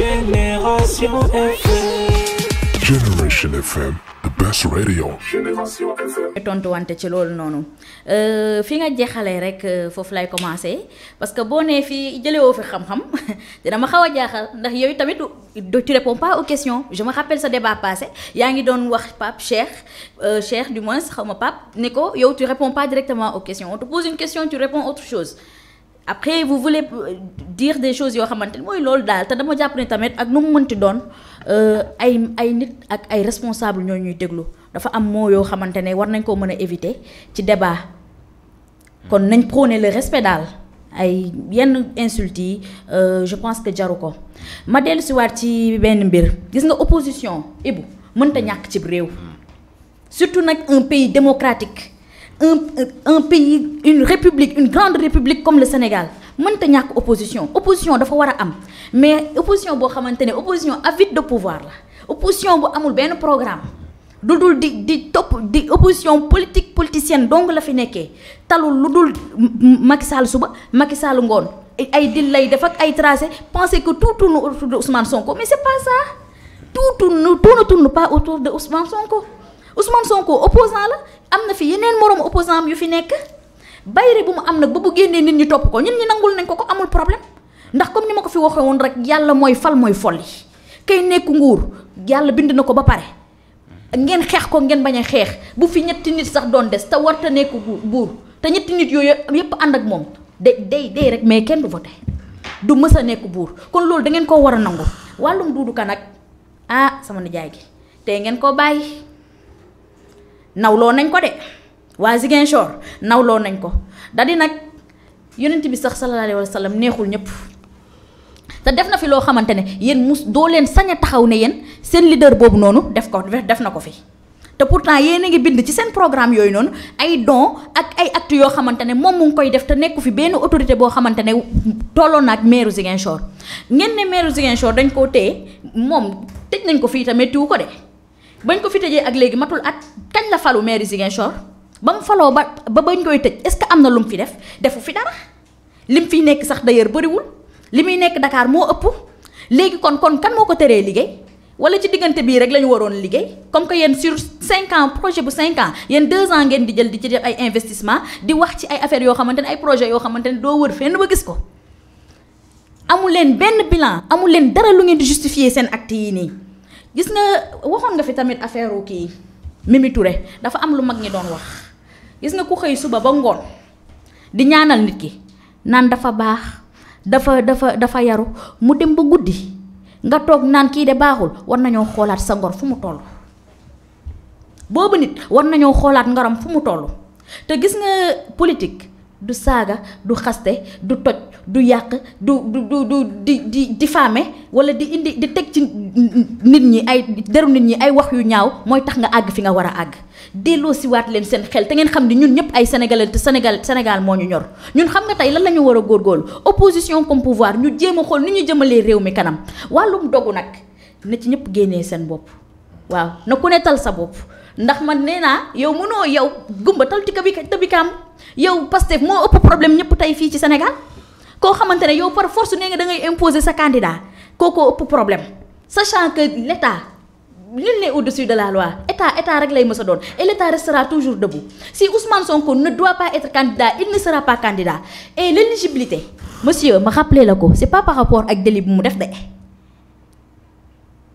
Génération FM. Génération FM. the best radio. Génération FM. tontuwante ci loolu noonu euh, fi nga jeexalee rek euh, fofu lay commencé parce que boo fi jëlé wo fi xam-xam dina ma xawa jaxal ndax tamit tu réponds pas aux questions je me rappelle ce débat passé yaa ngi doon wax Pape Cheikh euh, Cheikh du moins xawma Pape ne yow tu réponds pas directement aux questions on te pose une question tu réponds autre chose après vous voulez dire des choses yo xamantene moy que je veux te dama veux ne tamit ak nu euh ay ay nit ak ay responsable ñoo ñuy déglu dafa am mo yo xamantene war nañ ko éviter ci débat kon nañ le respect ay yenn euh, je pense que jaruko ma Je je wat ci benn mbir gis nga opposition surtout un pays démocratique un pays une république une grande république comme le Sénégal mënta une opposition opposition il faut am mais opposition bo xamante opposition avide de pouvoir la opposition bu amul un programme lu di di di opposition politique politicienne donc la fi nekkee talul lu est Macky Sall souba? Macky Sall ngone ay dil lay def ak ay tracé penser que tout tourne autour de Ousmane Sonko mais c'est pas ça tout tourne tout ne tourne pas autour de Ousmane Sonko Ousmane Sonko opposant la am na fi yeneen moroom opposant am yu fi nekk bayre bu mu am nag ba bu génnee nit ñi topp ko ñun ñi nangul nañ ko ko amul problème ndax comme ni ma ko fi waxe woon rek yàlla mooy fal mooy folli kay nekk nguur yàlla bind na ko ba pare ngeen xeex ko ngeen bañ a xeex bu fi ñetti nit sax doon des te warta nekk buur te ñetti nit yooyu yépp ànd ak moom de day day rek mais kenn du voté du mës a nekk buur kon loolu da ngeen koo war a nangu wàllum duudu ka nag ah sama nijaay gi nawloo nañ ko de waa Ziguinchor nawloo nañ ko daldi nag yonent bi sax sallallahu alayhi wa neexul ñëpp te def na fi loo xamante ne yéen mus doo leen sañ a taxaw ne yéen seen leader boobu noonu def ko def na ko fi. te pourtant yéen a ngi bind ci seen programme yooyu noonu ay don yoo xamante ne moom mu koy def te nekku fi benn autorité boo xamante ne tolloon na ak maire Ziguinchor ngeen ne maire Ziguinchor dañ koo téye moom tëj nañ ko fii tamit tiw ko de. bañ ko fi tëjee ak léegi matul at kañ la falu maire Ziguinchor ba mu faloo ba ba bañ koy tëj est-ce que am na lu mu fi def defu fi dara lim fiy nekk sax d'ailleurs bëriwul li muy nekk Dakar moo ëpp léegi kon kon kan moo ko teree liggéey wala ci diggante bii rek la ñu waroon liggéey comme que yéen sur 5 ans projet bu 5 ans yéen 2 ngeen di jël di ci def ay investissement di wax ci ay affaire yoo xamante ne ay projet yoo xamante ne doo wër fenn ba gis ko amul leen benn bilan amul leen dara lu ngeen di justifier seen acte yi gis nga waxoon nga fi tamit affaire kii Mimi Touré dafa am lu mag ñi doon wax gis nga ku xëy suba ba ngoon di ñaanal nit ki naan dafa baax dafa dafa dafa yaru mu dem ba guddi nga toog naan kii de baaxul war nañoo xoolaat sa ngor fu mu toll. boobu nit war nañoo xoolaat ngoram fu mu toll te gis nga politique du saaga du xaste du toj du yàq du du du du di di diffamer wala di indi di teg ci nit ñi ay deru nit ñi ay wax yu ñaaw mooy tax nga àgg fi nga war a àgg delloo siwaat leen seen xel te ngeen xam ni ñun ñëpp ay sénégalais te Sénégal Sénégal moo ñu ñor ñun xam nga tey lan la ñu war a góorgóorlu opposition comme pouvoir ñu jéema a ni ñu jëmalee réew mi kanam wàllum dogu nag na ci ñëpp génnee seen bopp waaw na ku ne tal sa bopp ndax man nee naa yow mënoo yow yow Pastef moo ëpp problème ñëpp tey fii ci Sénégal koo xamante ne yow par force nee nga da ngay imposer sa candidat kookoo ëpp problème sachant que l' état nul n'est au-dessus de la loi état état rek lay mës a doon et l' état restera toujours debout si Ousmane Sonko ne doit pas être candidat il ne sera pas candidat et l' monsieur ma rappelé la ko c' est pas par rapport ak délit bu mu def de.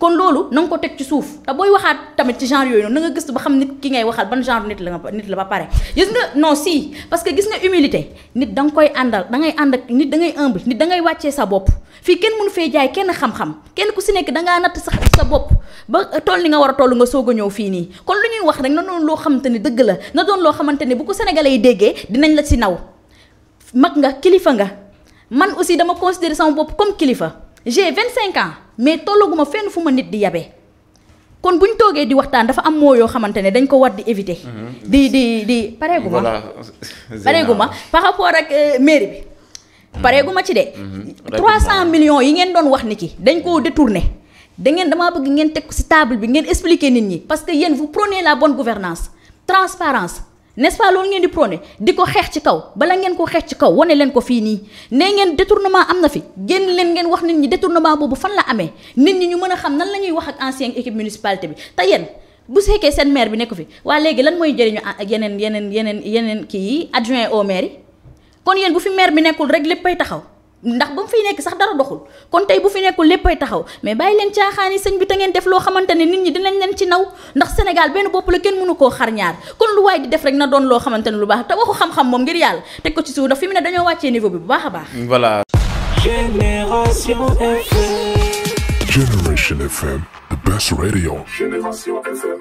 kon loolu na ko teg ci suuf te booy waxaat tamit ci genre yooyu noonu na nga gëstu ba xam nit ki ngay waxal ban genre nit la nga nit la ba pare gis nga non si parce que gis nga humilité nit danga koy àndal da ngay ànd ak nit da ngay humble nit da ngay wàccee sa bopp fii kenn mënu fee jaay kenn xam-xam kenn ku si nekk danga ngaa natt sa sa bopp ba toll ni nga war a toll nga soog a ñëw fii nii kon lu ñuy wax rek na doon loo xamante ni dëgg la na doon loo xamante ni bu ko yi déggee dinañ la si naw mag nga kilifa nga man aussi dama considérer sama bopp comme kilifa j'ai 25 mais tollaguma fenn fuma nit di yabé kon buñ togué di waxtaan dafa am mo yo xamante dañ ko war di éviter. Mm-hmm. di di di pareeguma paréguma par rapport ak euh, mairie bi. Mm-hmm. paréguma ci dé 300 mm-hmm. millions yi ngeen doon wax niki dañ ko détourner da ngeen dama bëgg ngeen teg ci table bi ngeen expliquer nit ñi parce que yéen vous prenez la bonne gouvernance transparence n'est-ce ngeen di prôné di ko xeex ci kaw bala ngeen ko xeex ci kaw wane leen ko fii nii nee ngeen détournement am na fi génn leen ngeen wax nit ñi détournement boobu fan la amee nit ñi ñu mën a xam nan la ñuy wax ak ancienne équipe municipalité bi te yen bu fekkee seen maire bi nekk fi waa léegi lan mooy jëriñu yeneen yeneen yeneen yeneen kii yi adjoint au maire yi kon yéen bu fi maire bi nekkul rek léppay taxaw ndax ba mu fiy nekk sax dara doxul kon tey bu fi nekkul ay taxaw mais bàyyi leen caaxaan yi bi te ngeen def loo xamante ne nit ñi dinañ leen ci naw ndax Sénégal benn bopp la kenn mënu koo xar ñaar kon lu waay di def rek na doon loo xamante ne lu baax te waxu xam-xam moom ngir yàlla teg ko ci suuf ndax fi mu ne dañoo wàccee niveau bi bu baax a baax. voilà. Génération FM. Génération FM,